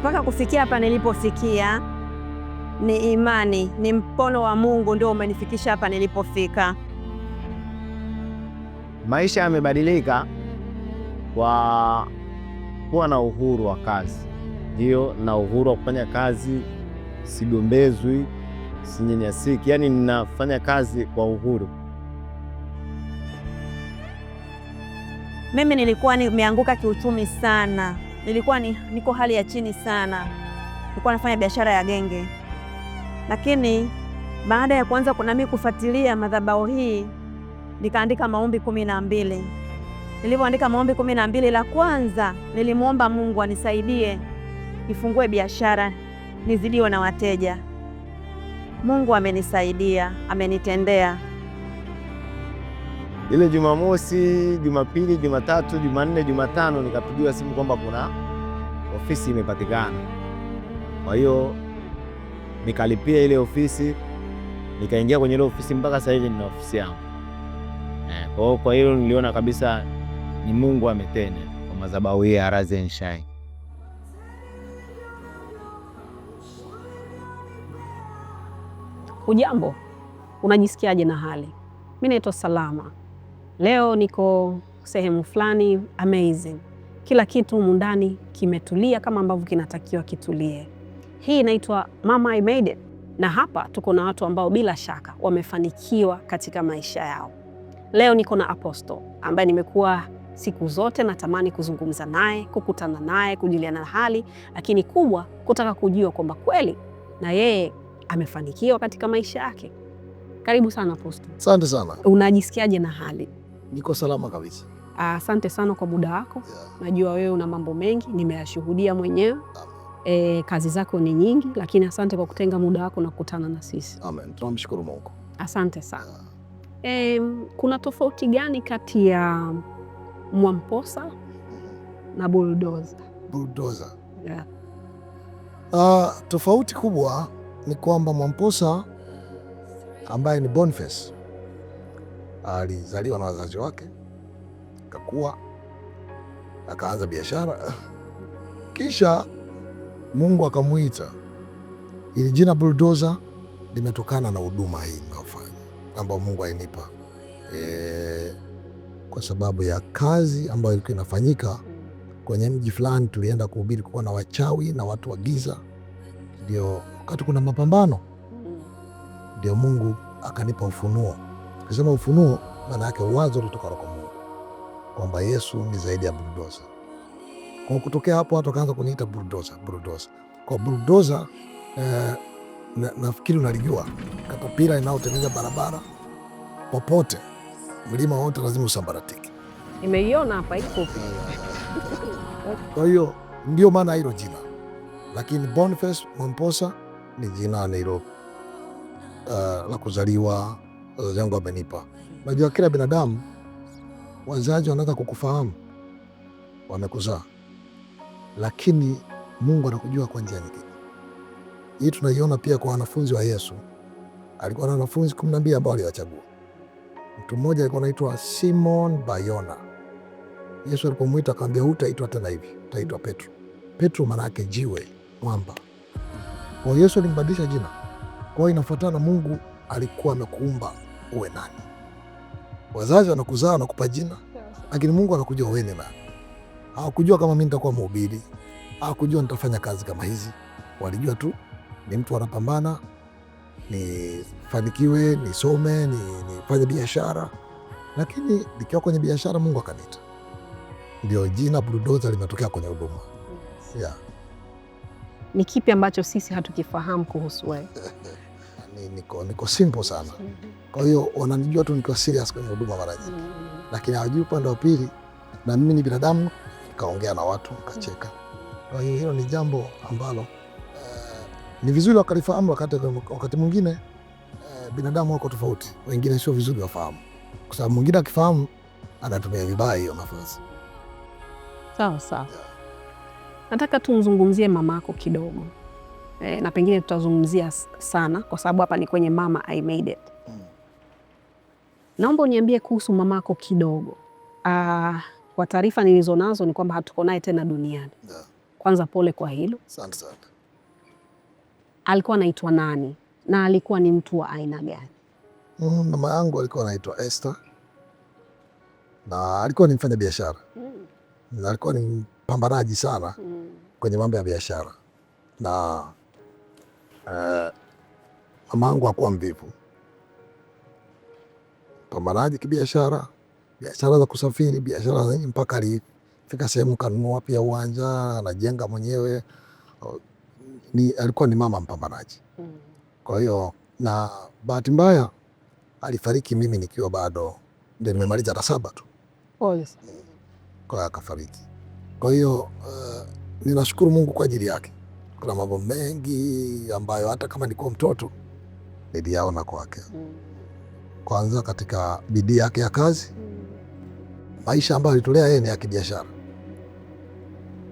mpaka kufikia hapa nilipofikia ni imani, ni mkono wa Mungu ndio umenifikisha hapa nilipofika. Maisha yamebadilika kwa kuwa na uhuru wa kazi, ndiyo na uhuru wa kufanya kazi, sigombezwi, sinyenyasiki, yaani ninafanya kazi kwa uhuru. Mimi nilikuwa nimeanguka kiuchumi sana nilikuwa ni, niko hali ya chini sana, nilikuwa nafanya biashara ya genge, lakini baada ya kuanza kunami kufuatilia madhabahu hii nikaandika maombi kumi na mbili. Nilivyoandika maombi kumi na mbili, la kwanza nilimwomba Mungu anisaidie nifungue biashara nizidiwe na wateja. Mungu amenisaidia, amenitendea ile Jumamosi, Jumapili, Jumatatu, Jumanne, Jumatano nikapigiwa simu kwamba kuna ofisi imepatikana. Kwa hiyo nikalipia ile ofisi, nikaingia kwenye ile ofisi, mpaka sasa hivi nina ofisi yangu. Eh, kwa hiyo kwa hilo niliona kabisa ni Mungu ametenda kwa madhabahu hii ya Rise and Shine. Ujambo, unajisikiaje na hali? Mimi naitwa Salama leo niko sehemu fulani amazing, kila kitu humu ndani kimetulia kama ambavyo kinatakiwa kitulie. Hii inaitwa Mama I Made It, na hapa tuko na watu ambao bila shaka wamefanikiwa katika maisha yao. Leo niko na Apostle ambaye nimekuwa siku zote natamani kuzungumza naye, kukutana naye, kujuliana na hali, lakini kubwa kutaka kujua kwamba kweli na yeye amefanikiwa katika maisha yake. Karibu sana Apostle. Asante sana. Unajisikiaje na hali? niko salama kabisa. Ah, asante sana kwa muda wako yeah. Najua wewe una mambo mengi nimeyashuhudia mwenyewe e, kazi zako ni nyingi, lakini asante kwa kutenga muda wako na kukutana na sisi. Amen, tunamshukuru Mungu. Asante sana yeah. E, kuna tofauti gani kati ya Mwamposa mm-hmm. na Bulldoza? Bulldoza. Yeah. Uh, tofauti kubwa ni kwamba Mwamposa ambaye ni Boniface alizaliwa na wazazi wake, akakua akaanza biashara, kisha Mungu akamwita. Ili jina Bulldozer limetokana na huduma hii ninayofanya ambayo Mungu alinipa e, kwa sababu ya kazi ambayo ilikuwa inafanyika kwenye mji fulani. Tulienda kuhubiri, kuwa na wachawi na watu wa giza, ndio wakati kuna mapambano, ndio Mungu akanipa ufunuo Ukisema ufunuo, maana yake wazo ulitokana kwa Mungu, kwamba Yesu ni zaidi ya buldoza. Kwa kutokea hapo watu wakaanza kuniita buldoza, buldoza. Kwa buldoza eh, na, nafikiri unalijua katapila inayotengeneza barabara popote, mlima wote lazima usambaratike. Nimeiona hapa iko. Kwa hiyo ndio maana hilo jina, lakini Boniface Mwamposa ni jina Nairobi, uh, eh, la kuzaliwa wazazi wangu wamenipa. Najua kila binadamu wazazi wanaweza kukufahamu, wamekuzaa, lakini Mungu anakujua kwa njia nyingine. Hii tunaiona pia kwa wanafunzi wa Yesu. Alikuwa na wanafunzi kumi na mbili ambao aliwachagua. Mtu mmoja alikuwa anaitwa Simon Bayona. Yesu alipomwita akamwambia, hutaitwa tena hivi, utaitwa Petro. Petro maana yake jiwe, mwamba. Kwa Yesu alimbadilisha jina. Kwa hiyo inafuatana, Mungu alikuwa amekuumba uwe nani. Wazazi wanakuzaa wanakupa jina, lakini Mungu anakujua wewe ni nani. Hawakujua kama mimi nitakuwa mhubiri, hawakujua nitafanya kazi kama hizi. Walijua tu ni mtu anapambana, nifanikiwe, nisome, nifanye biashara. Lakini nikiwa kwenye biashara, Mungu akaniita, ndio jina Bulldozer limetokea kwenye huduma yeah. Ni kipi ambacho sisi hatukifahamu kuhusu wewe? ni, niko, niko simple sana. Kwa hiyo wananijua tu nikiwa serious kwenye huduma mara nyingi, mm. lakini hawajui upande wa pili, na mimi ni binadamu, nikaongea na watu nikacheka. Kwa hiyo hilo ni jambo ambalo eh, ni vizuri wakalifahamu. Wakati, wakati mwingine eh, binadamu wako tofauti, wengine sio vizuri wafahamu, kwa sababu mwingine akifahamu anatumia vibaya hiyo nafasi. Sawa sawa, Nataka tumzungumzie mamako kidogo eh, na pengine tutazungumzia sana kwa sababu hapa ni kwenye mama I made it. Mm. Naomba uniambie kuhusu mamako kidogo. Ah, kwa taarifa nilizo nazo ni kwamba hatuko naye tena duniani. Yeah. Kwanza pole kwa hilo. Asante sana. Alikuwa anaitwa nani na alikuwa ni mtu wa aina gani? Mm, mama yangu alikuwa anaitwa Esther na alikuwa ni mfanya biashara mm. na alikuwa ni mpambanaji sana mm. kwenye mambo ya biashara na Eh, mama angu hakuwa mvivu, pambanaji kibiashara, biashara za kusafiri, biashara za mpaka alifika sehemu kanunua pia uwanja, anajenga mwenyewe. Ni, alikuwa ni mama mpambanaji. Mm. Kwa hiyo na bahati mbaya alifariki mimi nikiwa bado ndio nimemaliza la saba tu. Oh, yes. Kwa akafariki. Kwa hiyo uh, ninashukuru Mungu kwa ajili yake kuna mambo mengi ambayo hata kama nilikuwa mtoto niliyaona kwake, mm. kwanza katika bidii yake ya kazi, mm. maisha ambayo alitolea yeye ni ya kibiashara.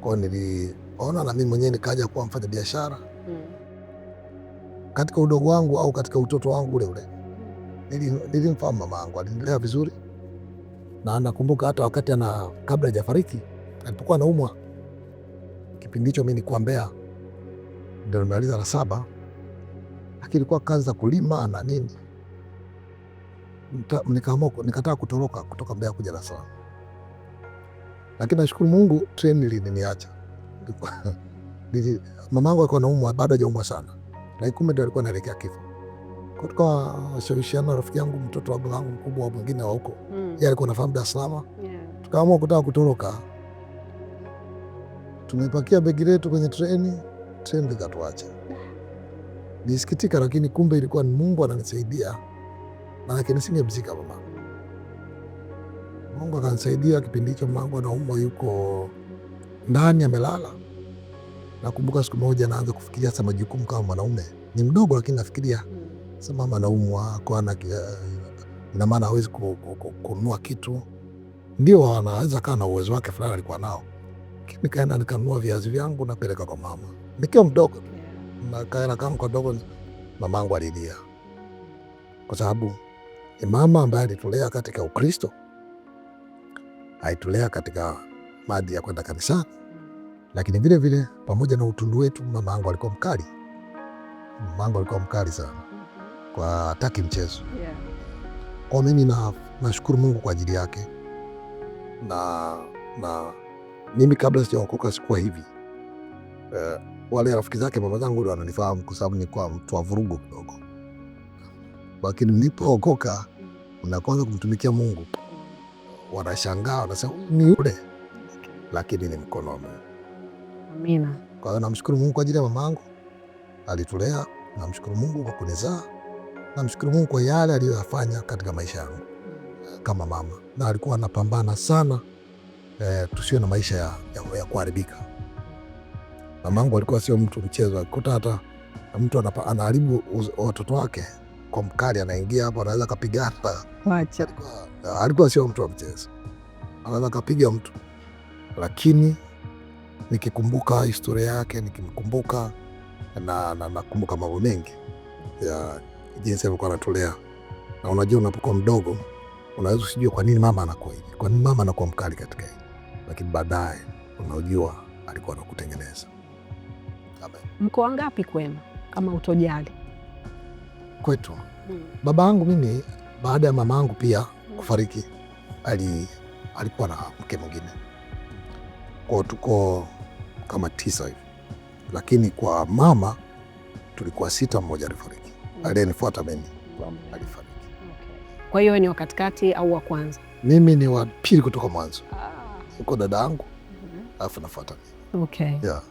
Kwa niliona na mimi mwenyewe nikaja kuwa mfanya biashara mm. katika udogo wangu au katika utoto wangu ule ule nilimfahamu mama yangu, alinilea vizuri, na nakumbuka hata wakati ana kabla hajafariki alipokuwa anaumwa, kipindi hicho mi nikuambea Mbeya, ndio nimemaliza la saba, lakini kwa kazi za kulima na nini, nikaamua nikataka kutoroka kutoka Mbeya kuja Dar es Salaam, lakini nashukuru Mungu treni iliniacha. Mamangu alikuwa anaumwa, bado hajaumwa sana, lakini kumbe ndio alikuwa anaelekea kifo. Kwa Tukawashawishiana rafiki yangu, mtoto wa babangu mkubwa wa mwingine wa huko, mm. yeye alikuwa anafahamu Dar es Salaam, tukaamua kutaka kutoroka tumepakia begi letu kwenye treni trendi ikatuacha. Nisikitika, lakini kumbe ilikuwa ni Mungu ananisaidia, maanake nisingemzika mama. Mungu akanisaidia kipindi hicho, mamangu anaumwa, yuko ndani amelala. Nakumbuka siku moja naanza kufikiria sasa majukumu kama mwanaume, ni mdogo lakini nafikiria sasa, mama anaumwa kwa ana ina maana hawezi kununua kitu, ndio anaweza kaa na uwezo wake fulani alikuwa nao. Nikaenda nikanunua viazi vyangu napeleka kwa mama nikiwa mdogo kadogo, mamangu alilia kwa sababu ni mama ambaye alitulea katika Ukristo, aitulea katika madhi ya kwenda kanisani, lakini vile vile pamoja na utundu wetu, mamaangu alikuwa mkali. Mamangu alikuwa mkali sana kwa taki mchezo kwa mimi, na Mungu kwa ajili yake na, na mimi kabla sijaokoka sikuwa hivi uh, wale rafiki zake baba zangu ndio wananifahamu kwa sababu nilikuwa mtu wa vurugu kidogo, lakini nilipookoka na kwanza kumtumikia Mungu, wanashangaa wanasema ni yule, lakini ni mkono wa Mungu. Amina. Kwa hiyo namshukuru Mungu kwa ajili ya mamangu alitulea, namshukuru Mungu kwa kunizaa, namshukuru Mungu kwa yale aliyoyafanya katika maisha yangu kama mama, na alikuwa anapambana sana eh, tusiwe na maisha ya, ya, ya kuharibika. Mamangu alikuwa sio mtu mchezo, akikuta hata mtu anaharibu watoto wake kwa mkali, anaingia hapo, anaweza kapigana. Alikuwa, alikuwa sio mtu wa mchezo, anaweza kapiga mtu. Lakini nikikumbuka historia yake, nikimkumbuka na nakumbuka na mambo mengi ya jinsi alivyokuwa anatulea, na unajua, unapokuwa mdogo unaweza usijue kwa nini mama anakuwa hivi, kwa nini mama anakuwa mkali katika hili, lakini baadaye unajua alikuwa anakutengeneza. Mko wangapi kwenu kama utojali? Kwetu hmm. baba yangu mimi baada ya mama yangu pia hmm. kufariki ali, alikuwa na mke mwingine, kwa tuko kama tisa hivi, lakini kwa mama tulikuwa sita, mmoja alifariki, hmm. aliyenifuata mimi alifariki. Okay. Kwa hiyo ni wa katikati au wa kwanza? Mimi ni wa pili kutoka mwanzo. Ah. dada yangu mm-hmm. alafu nafuata mimi. Okay. Yeah.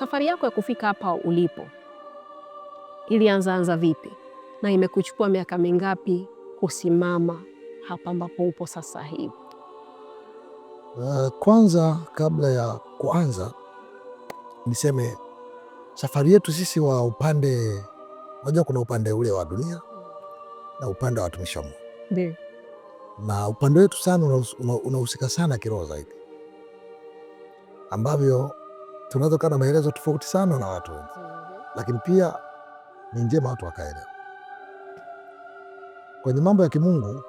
Safari yako ya kufika hapa ulipo ilianzaanza vipi na imekuchukua miaka mingapi kusimama hapa ambapo upo sasa hivi? Uh, kwanza kabla ya kuanza niseme safari yetu sisi wa upande moja, kuna upande ule wa dunia na upande wa watumishi wa Mungu na upande wetu sana unahusika una, una sana kiroho zaidi ambavyo tunaweza kuwa na maelezo tofauti sana na watu wengi, mhm. lakini pia ni njema watu wakaelewa kwenye mambo ya kimungu.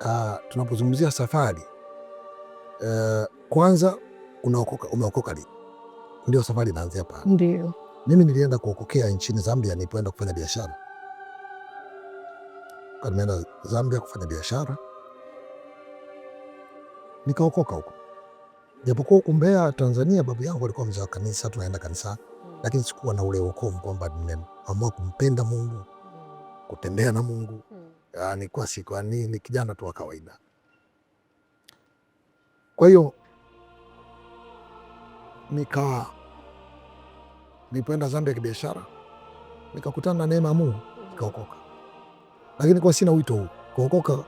Uh, tunapozungumzia safari uh, kwanza unaokoka, umeokoka lini? Ndio safari inaanzia pale. Ndio mimi nilienda kuokokea nchini Zambia nilipoenda kufanya biashara. Nimeenda Zambia kufanya biashara nikaokoka huko japokuwa huku Mbeya Tanzania babu yangu alikuwa mzee wa kanisa, tunaenda kanisa lakini sikuwa na ule wokovu kwamba nimeamua kumpenda Mungu, kutembea na Mungu. Yaani kwa siku ni, yaani ni kijana tu wa kawaida. Kwa hiyo nika nilipoenda Zambia kibiashara, nikakutana na neema ya Mungu, nikaokoka. Lakini kwa sina wito huu kuokoka,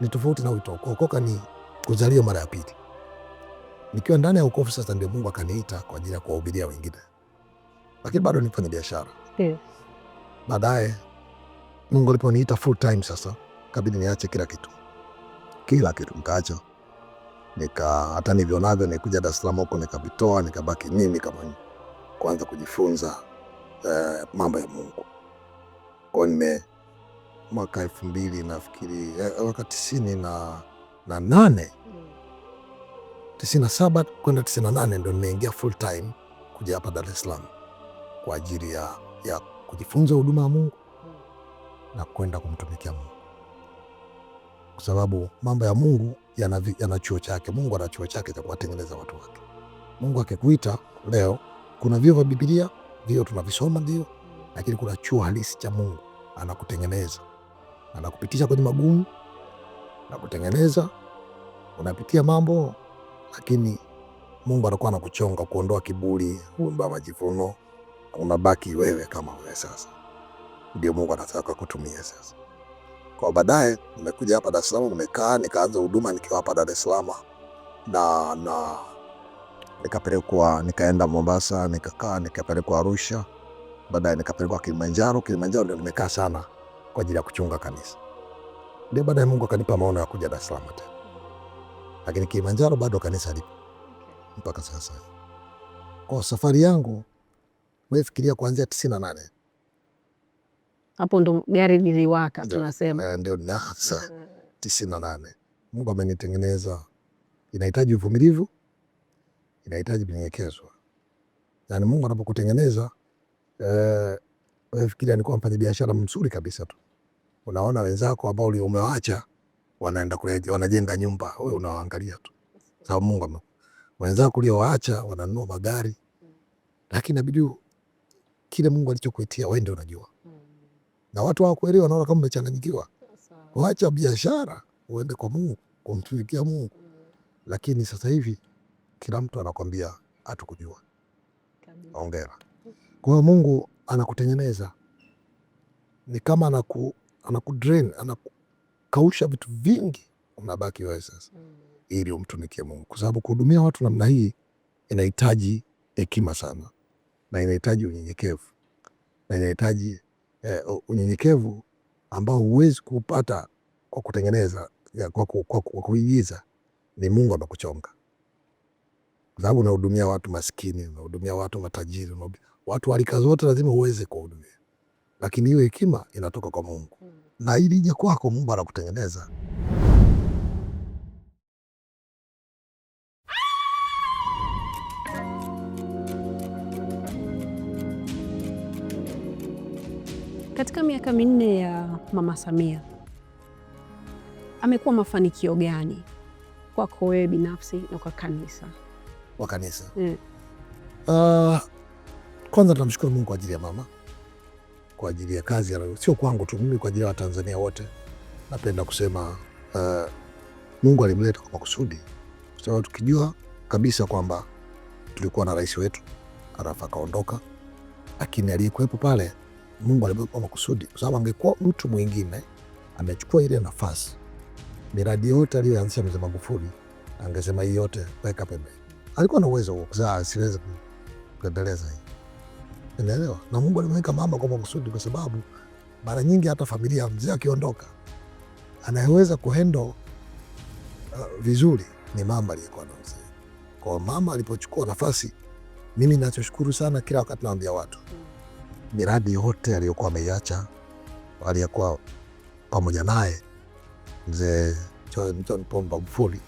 ni tofauti na wito. Kuokoka ni kuzaliwa mara ya pili. Nikiwa ndani ya ukofu sasa ndio Mungu akaniita kwa ajili ya kuwahubiria wengine, lakini bado nifanya biashara Baadaye Mungu aliponiita full time sasa, kabidi niache kila kitu, kila kitu nikaacha, nika hata nivyo navyo nikuja Dar es Salaam huko nikavitoa, nikabaki mimi kama kwanza kujifunza eh, mambo ya Mungu kwa nime mwaka elfu mbili nafikiri eh, mwaka tisini na, na nane mm. 97 kwenda 98 ndo nimeingia full time kuja hapa Dar es Salaam kwa ajili ya, ya kujifunza huduma ya Mungu na kwenda kumtumikia Mungu kwa sababu mambo ya Mungu yana, yana chuo chake. Mungu ana chuo chake cha kuwatengeneza watu wake. Mungu akikuita leo, kuna vio vya Biblia, vio tunavisoma ndio, lakini kuna chuo halisi cha Mungu. Anakutengeneza, anakupitisha kwenye magumu na kutengeneza, unapitia mambo lakini Mungu anakuwa anakuchonga kuondoa kiburi, kuondoa majivuno, unabaki wewe kama wewe. Sasa ndio Mungu anataka kutumia sasa. Kwa baadaye nimekuja hapa Dar es Salaam, nimekaa nikaanza huduma nikiwa hapa Dar es Salaam na, na nikapelekwa nikaenda Mombasa, nikakaa, nikapelekwa Arusha, baadaye nikapelekwa Kilimanjaro. Kilimanjaro ndio nimekaa sana kwa ajili ya kuchunga kanisa, ndio baadaye Mungu akanipa maono ya kuja Dar es Salaam tena lakini Kilimanjaro bado kanisa lipo mpaka sasa. Kwa safari yangu mefikiria kuanzia tisini na nane hapo ndo gari liliwaka, tunasema eh, ndio nasa tisini na nane. Mungu amenitengeneza. Inahitaji uvumilivu, inahitaji kunyenyekezwa. Yani Mungu anapokutengeneza eh, wewe fikiria, mfanya biashara mzuri kabisa tu, unaona wenzako ambao umewacha wanaenda kuleja, wanajenga nyumba, wewe unawaangalia tu. sababu Mungu ame wenzao kulia waacha wananunua magari, lakini inabidi kile Mungu alichokuitia wewe ndio unajua, na watu hawakuelewa, wanaona kama umechanganyikiwa. Waacha biashara uende kwa Mungu kumtumikia Mungu. Lakini sasa hivi kila mtu anakwambia hatukujua. Hongera. Kwa hiyo Mungu anakutengeneza ni kama anaku anaku drain anaku kausha vitu vingi, unabaki wewe sasa mm. ili umtumikie Mungu, kwa sababu kuhudumia watu namna hii inahitaji hekima sana na inahitaji unyenyekevu na inahitaji eh, unyenyekevu ambao huwezi kupata kwa kutengeneza, kwa, kwa, kwa kuigiza. Ni Mungu amekuchonga, kwa sababu unahudumia watu maskini, unahudumia watu matajiri, watu harika zote lazima uweze kuhudumia lakini hiyo hekima inatoka kwa Mungu mm na ili ije kwako, Mungu anakutengeneza. Katika miaka minne ya Mama Samia amekuwa mafanikio gani kwako wewe binafsi na kwa kanisa? Kwa kanisa yeah. Eh. Uh, kwanza tunamshukuru Mungu kwa ajili ya mama kwa ajili ya kazi sio kwangu tu mimi, kwa ajili ya Watanzania wote. Napenda kusema uh, Mungu alimleta kwa makusudi, kwa sababu tukijua kabisa kwamba tulikuwa na rais wetu halafu akaondoka, lakini aliyekuwepo pale Mungu alimweka kwa makusudi, kwa sababu angekuwa mtu mwingine amechukua ile nafasi, miradi yote aliyoanzisha mzee Magufuli angesema hii yote weka pembeni. Alikuwa na uwezo huo, siwezi kuendeleza hii Unaelewa? Na Mungu alimweka mama kwa makusudi, kwa sababu mara nyingi hata familia mzee akiondoka, anayeweza kuhandle uh, vizuri ni mama aliyekuwa na mzee. Kwa mama alipochukua nafasi, mimi nachoshukuru sana, kila wakati naambia watu miradi yote aliyokuwa ameiacha aliyekuwa pamoja naye mzee John Pombe Magufuli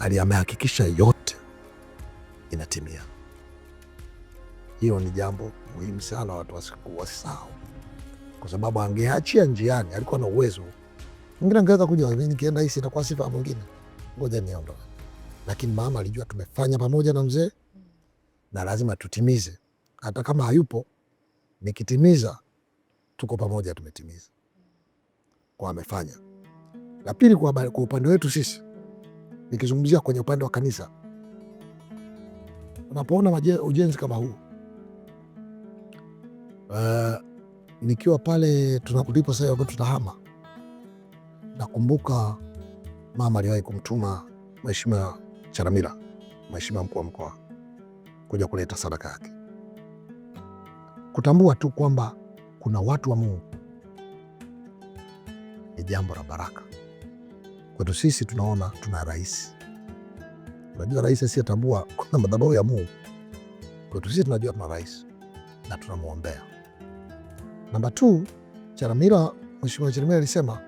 aliyamehakikisha yote inatimia. Hiyo ni jambo muhimu sana, watu wasisahau, kwa sababu angeachia njiani, alikuwa na uwezo mwingine, angeweza kuja, nikienda hisi itakuwa sifa mwingine, ngoja niondoke. Lakini mama alijua tumefanya pamoja na mzee na lazima tutimize, hata kama hayupo, nikitimiza tuko pamoja, tumetimiza kwa amefanya. La pili, kwa upande wetu sisi, nikizungumzia kwenye upande wa kanisa, unapoona ujenzi kama huu Uh, nikiwa pale tunakulipo sasa wakati tunahama, nakumbuka mama aliwahi kumtuma Mheshimiwa Charamila, Mheshimiwa mkuu wa mkoa kuja kuleta sadaka yake, kutambua tu kwamba kuna watu wa Mungu ni jambo la baraka kwetu sisi. Tunaona tuna rais, unajua rais asiyetambua kuna madhabahu ya Mungu. Kwetu sisi tunajua tuna rais na tunamwombea Namba two, Chalamila, Mheshimiwa Chalamila alisema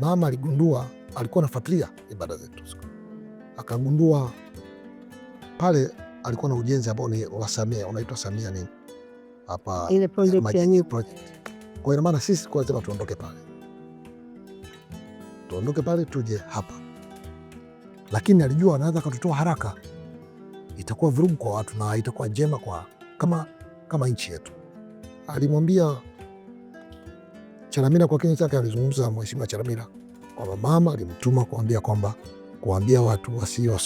mama aligundua, alikuwa anafuatilia ibada zetu, akagundua pale alikuwa na ujenzi ambao ni wa Samia, unaitwa Samia nini hapa, ile project ya new project. Kwa hiyo maana sisi kwa lazima tuondoke pale, tuondoke pale tuje hapa, lakini alijua anaweza akatutoa haraka, itakuwa vurugu kwa watu na itakuwa njema kwa kama, kama nchi yetu. Alimwambia Chalamila kwa kinywa chake alizungumza Mheshimiwa Chalamila kwamba mama alimtuma kuambia kwamba kuambia watu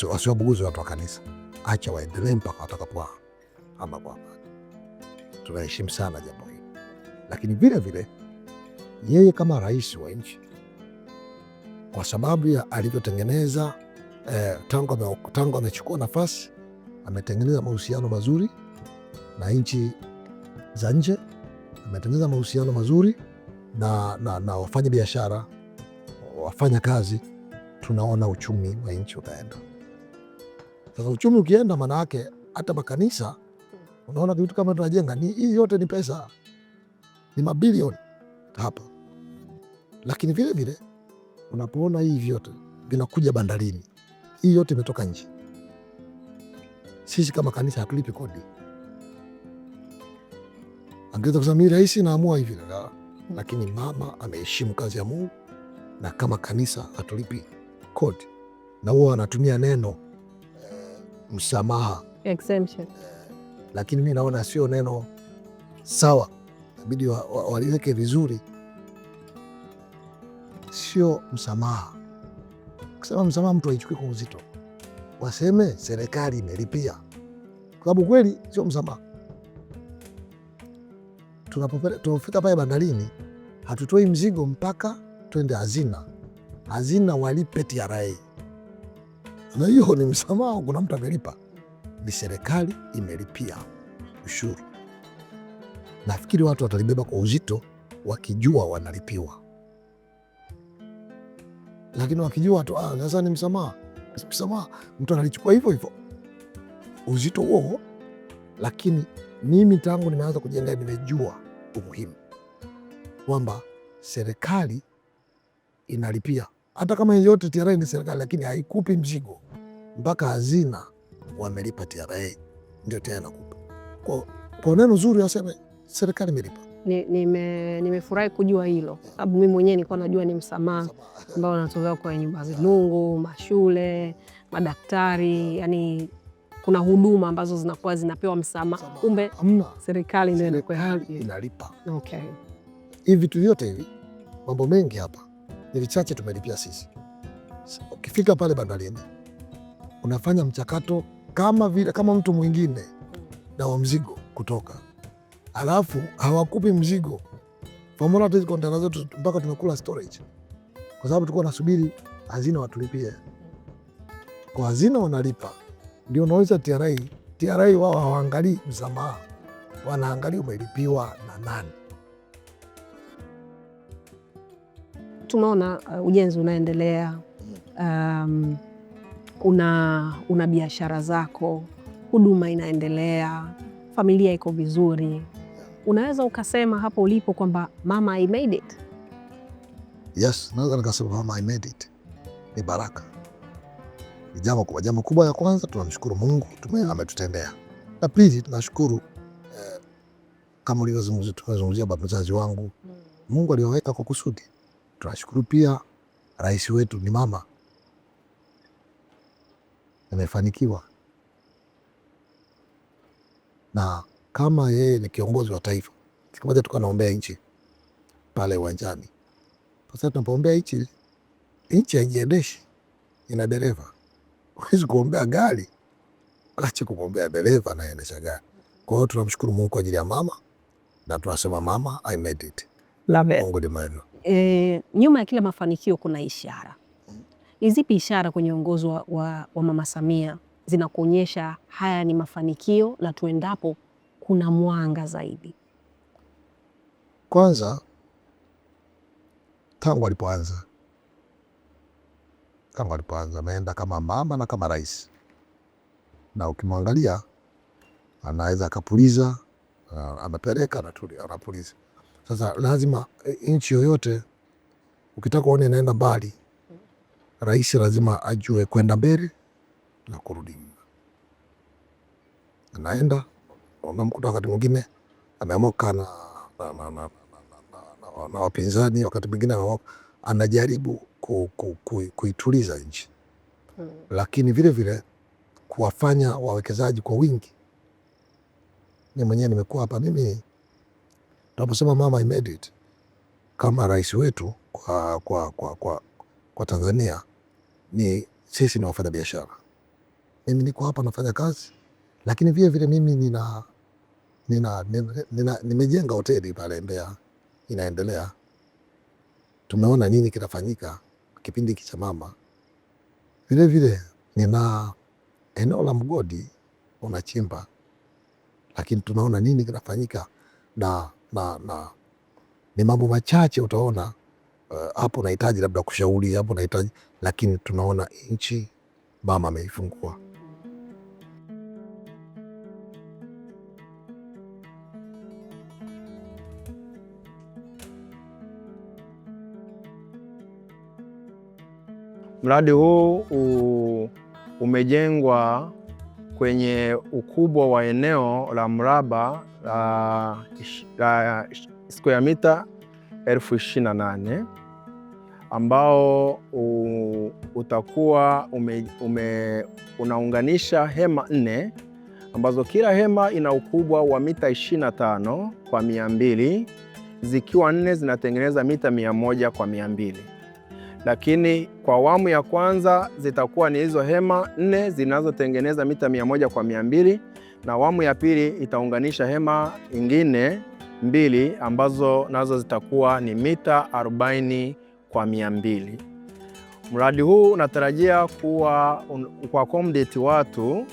wasiwabuguzi watu wa kanisa, acha waendelee mpaka watakapoa ama kwa amani. Tunaheshimu sana jambo hili, lakini vile vile yeye kama rais wa nchi kwa sababu ya alivyotengeneza eh, tangu amechukua nafasi ametengeneza mahusiano mazuri na nchi za nje, ametengeneza mahusiano mazuri na, na, na wafanya biashara wafanya kazi, tunaona uchumi wa nchi utaenda. Sasa uchumi ukienda, maana yake hata makanisa unaona vitu kama tunajenga, ni hii yote ni pesa, ni mabilioni hapa. Lakini vile vile unapoona hii vyote vinakuja bandarini, hii yote imetoka nje. Sisi kama kanisa hatulipi kodi. Angeweza kusema mimi rais naamua hivi Mm. lakini mama ameheshimu kazi ya Mungu, na kama kanisa hatulipi kodi, na huwa anatumia neno eh, msamaha exemption, eh, lakini mi naona sio neno sawa, inabidi waliweke wa, wa vizuri, sio msamaha. Kusema msamaha mtu aichukui kwa uzito, waseme serikali imelipia, kwa sababu kweli sio msamaha tunapofika pale bandarini hatutoi mzigo mpaka twende hazina, hazina walipe TRA. Na hiyo ni msamaha, kuna mtu amelipa? Ni serikali imelipia ushuru. Nafikiri watu watalibeba kwa uzito wakijua wanalipiwa, lakini wakijua tu ah, sasa ni msamaha, msamaha, mtu analichukua hivyo hivyo uzito huo, lakini mimi tangu nimeanza kujenga nimejua kitu muhimu kwamba serikali inalipia, hata kama yote TRA ni serikali, lakini haikupi mzigo mpaka hazina wamelipa TRA, ndio tena nakupa kwa, kwa neno zuri aseme serikali imelipa. Nimefurahi kujua hilo sababu mimi mwenyewe nilikuwa najua ni msamaha ambao wanatolewa kwa nyumba za Mungu, mashule, madaktari yani kuna huduma ambazo zinakuwa zinapewa msamaha, kumbe serikali ndio inalipa. Okay. Hivi vitu vyote hivi, mambo mengi hapa ni vichache tumelipia sisi. Ukifika pale bandarini unafanya mchakato kama vile kama mtu mwingine na wa mzigo kutoka, alafu hawakupi mzigo pamoja. Hizi kontena zetu mpaka tumekula storage, kwa sababu tulikuwa nasubiri hazina watulipie. Kwa hazina wanalipa ndio unaweza TRA. TRA wao hawaangalii msamaha, wanaangalia umelipiwa na nani. Tumeona uh, ujenzi unaendelea, um, una, una biashara zako, huduma inaendelea, familia iko vizuri. Unaweza ukasema hapo ulipo kwamba mama I made it? Yes, naweza nikasema mama I made it, ni baraka ni jambo kubwa. Jambo kubwa ya kwanza tunamshukuru Mungu ametutendea, na pili tunashukuru eh, kama ulivyozungumzia baba mzazi wangu, mm. Mungu alioweka kwa kusudi. Tunashukuru pia rais wetu ni mama, amefanikiwa na kama yeye ni kiongozi wa taifa, siku moja tukawa naombea nchi pale uwanjani. Sasa tunapoombea nchi, nchi haijiendeshi, ina dereva Huwezi kuombea gari, acha kumwombea dereva anaendesha gari. Kwa hiyo tunamshukuru Mungu kwa ajili ya mama na tunasema mama, I made it. Mungu ni mwema. E, nyuma ya kila mafanikio kuna ishara. Ni zipi ishara kwenye uongozi wa, wa, wa Mama Samia zinakuonyesha haya ni mafanikio na tuendapo kuna mwanga zaidi? Kwanza tangu alipoanza kama walipoanza, ameenda kama mama na kama rais, na ukimwangalia anaweza akapuliza, anapeleka anapuliza. Sasa lazima nchi yoyote ukitaka uone inaenda mbali, rais lazima ajue kwenda mbele na kurudi nyuma. Anaenda unamkuta wakati mwingine ameamoka na na, na, na, na, na, na, na wapinzani wakati mwingine ameamoka anajaribu ku, ku, ku, kuituliza nchi hmm. Lakini vile kuwafanya wawekezaji kwa wingi. mi mwenyewe nimekuwa hapa mimi, tunaposema mama I made it, kama rais wetu kwa, kwa, kwa, kwa, kwa Tanzania ni sisi ni wafanya biashara. Mimi niko hapa nafanya kazi, lakini vilevile mimi nina nimejenga nina, nina, nina, hoteli pale Mbeya inaendelea tumeona nini kinafanyika kipindi hiki cha mama. Vilevile nina eneo la mgodi unachimba, lakini tunaona nini kinafanyika na, na, na ni mambo machache utaona eh, hapo. Uh, nahitaji labda kushauri hapo nahitaji, lakini tunaona nchi mama ameifungua. Mradi huu umejengwa kwenye ukubwa wa eneo la mraba la, la square mita elfu ishirini na nane ambao u, utakuwa ume, ume, unaunganisha hema nne ambazo kila hema ina ukubwa wa mita 25 kwa mia zikiwa nne zinatengeneza mita mia kwa mia lakini kwa awamu ya kwanza zitakuwa ni hizo hema nne zinazotengeneza mita mia moja kwa mia mbili na awamu ya pili itaunganisha hema ingine mbili ambazo nazo zitakuwa ni mita 40 kwa mia mbili. Mradi huu unatarajia kuwa kwa accommodate watu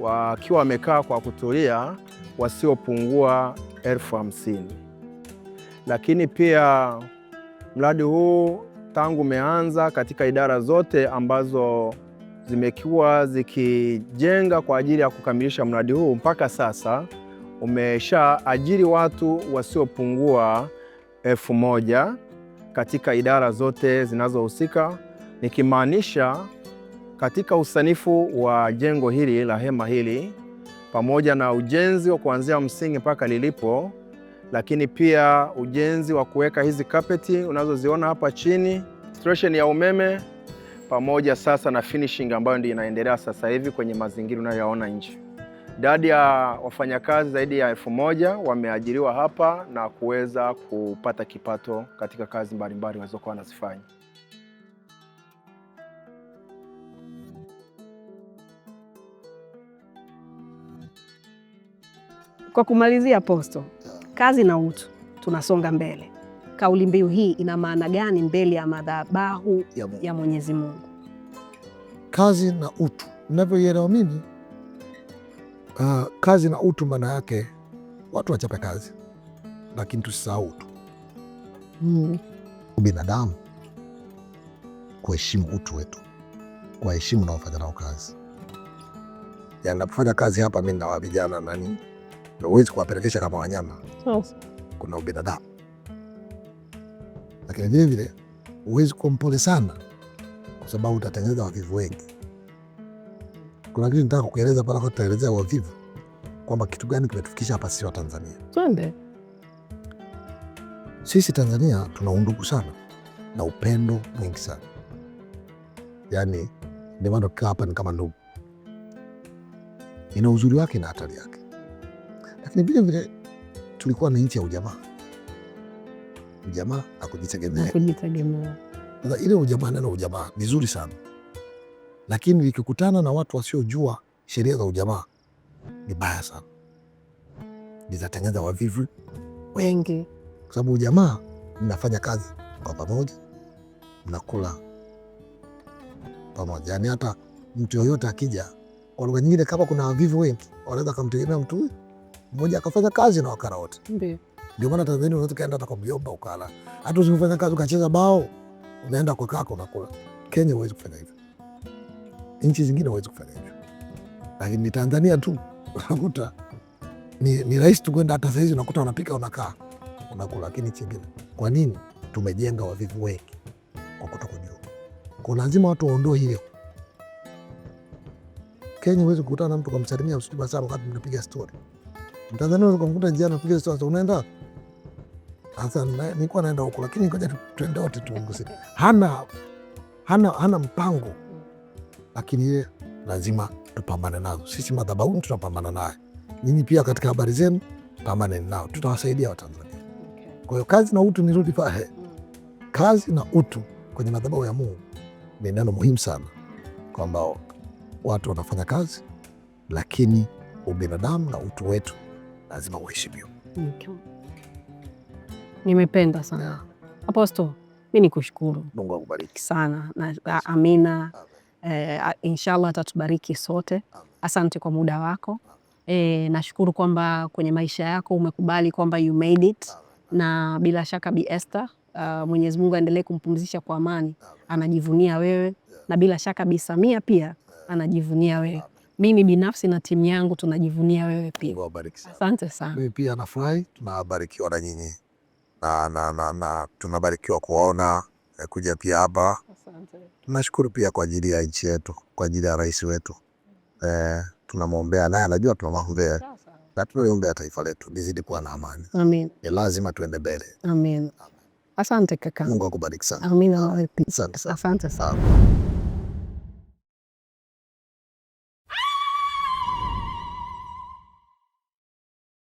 wakiwa wamekaa kwa kutulia wasiopungua elfu hamsini. Lakini pia mradi huu tangu umeanza katika idara zote ambazo zimekuwa zikijenga kwa ajili ya kukamilisha mradi huu mpaka sasa umeshaajiri watu wasiopungua elfu moja katika idara zote zinazohusika, nikimaanisha katika usanifu wa jengo hili la hema hili pamoja na ujenzi wa kuanzia msingi mpaka lilipo lakini pia ujenzi wa kuweka hizi kapeti unazoziona hapa chini, station ya umeme pamoja sasa na finishing ambayo ndio inaendelea sasa hivi kwenye mazingira unayoyaona nje. Idadi ya wafanyakazi zaidi ya elfu moja wameajiriwa hapa na kuweza kupata kipato katika kazi mbalimbali walizokuwa wanazifanya. Kwa kumalizia, Posto kazi na utu, tunasonga mbele. Kauli mbiu hii ina maana gani mbele ya madhabahu ya, ya Mwenyezi Mungu? Kazi na utu ninavyoielewa mimi, uh, kazi na utu maana yake watu wachape kazi, lakini tusisahau utu mm. Binadamu kuheshimu utu wetu, kuwaheshimu naofanya nao kazi. Yanapofanya yaani kazi hapa, mi nawa vijana nani huwezi kuwapelekesha kama wanyama yes. Kuna ubinadamu, lakini vilevile huwezi kuwa mpole sana, kwa sababu utatengeneza wavivu wengi. Kuna kitu nitaka kukueleza pale kwa tutaelezea wavivu kwamba kitu gani kimetufikisha hapa sisi wa Tanzania. Twende. Sisi Tanzania tuna undugu sana na upendo mwingi sana, yaani ndio maana tukikaa hapa ni kama ndugu. Ina uzuri wake na hatari yake lakini vile vile tulikuwa na nchi ya ujamaa, ujamaa na kujitegemea. ile ujamaa, neno ujamaa vizuri sana, lakini likikutana na watu wasiojua sheria za ujamaa ni baya sana, nitatengeneza wavivu wengi, kwa sababu ujamaa, mnafanya kazi kwa pamoja, mnakula pamoja, yaani hata mtu yoyote akija, kwa lugha nyingine, kama kuna wavivu wengi wanaweza kamtegemea mtu huyu mmoja akafanya kazi na wakala wote. Ndio maana Tanzania unaweza kaenda hata mjomba ukala, hata usifanya kazi ukacheza bao unaenda kwa kaka unakula. Kenya huwezi kufanya hivyo, nchi zingine huwezi kufanya hivyo, lakini ni Tanzania tu unakuta ni, ni rahisi tu kwenda. Hata sahizi unakuta unapika unakaa unakula, lakini chingine. Kwa nini? Tumejenga wavivu wengi kwa kutokujua, kwa lazima watu waondoe hiyo. Kenya huwezi kukutana na mtu kamsalimia usiku sana wakati mnapiga stori. Mtanzania ukamkuta njia anapiga sasa, unaenda sasa, nilikuwa naenda huko, lakini ngoja tuende wote tuongeze. Hana, hana, hana mpango, lakini yeye lazima tupambane nazo. Sisi madhabahuni tunapambana naye, nyinyi pia katika habari zenu pambaneni nao, tutawasaidia Watanzania. Kwa hiyo kazi na utu, nirudi pale, eh, mm. kazi na utu kwenye madhabahu ya Mungu ni neno muhimu sana, kwamba watu wanafanya kazi, lakini ubinadamu na utu wetu lazima uheshimiwe. Nimependa sana Aposto, mi kushukuru. Mungu akubariki sana na amina. Eh, inshallah atatubariki sote. Asante kwa muda wako. Eh, nashukuru kwamba kwenye maisha yako umekubali kwamba you made it. Na bila shaka Bi Esther, uh, Mwenyezi Mungu aendelee kumpumzisha kwa amani. Anajivunia wewe na bila shaka Bi Samia pia anajivunia wewe mimi binafsi na timu yangu tunajivunia wewe pia. Asante sana. Mimi pia nafurahi, tunabarikiwa na nyinyi na, na, na, na tunabarikiwa kuwaona eh, kuja pia hapa. Tunashukuru pia kwa ajili ya nchi yetu, kwa ajili ya rais wetu mm. Eh, tunamwombea naye anajua tunamwombea na tunaliombea taifa letu lizidi kuwa na amani. Amin. Ni eh, lazima tuende mbele. Amin. Asante kaka. Mungu akubariki sana. Asante sana.